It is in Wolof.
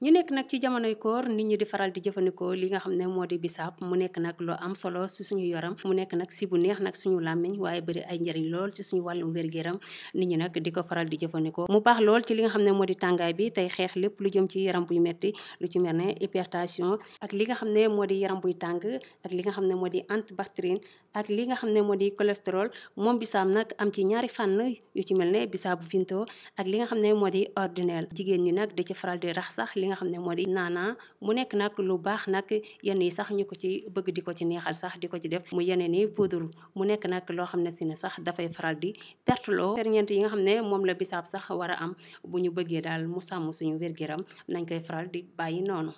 ñu nekk nag ci jamonoy koor nit ñi di faral di jëfandikoo li nga xam ne moo di bisaab mu nekk nag lu am solo si suñu yaram mu nekk nag si bu neex nag suñu làmmiñ waaye bëri ay njëriñ lool ci suñu wàllum wér-gu-yaram nit ñi di ko faral di jëfandikoo mu baax lool ci li nga xam ne moo di tàngaay bi tey xeex lépp lu jëm ci yaram buy metti lu ci mel ne hypertension ak li nga xam ne moo di yaram buy tàng ak li nga xam ne moo di antibactérine ak li nga xam ne moo di cholestérol moom bisaab nag am ci ñaari fànn yu ci mel ne bisaabu vinto ak li nga xam ne moo di ordinaire jigéen ñi nag di ci faral di rax sax li nga xam ne moo di naana mu nekk nag lu baax nag yenn yi sax ñu ko ci bëgg di ko ci neexal sax di ko ci def mu yeneen yi poudre mu nekk nag loo xam ne si ne sax dafay faral di perte loo ferñeent yi nga xam ne moom la bisaab sax war a am bu ñu bëggee daal mu sàmm suñu wér gu nañ koy faral di bàyyi noonu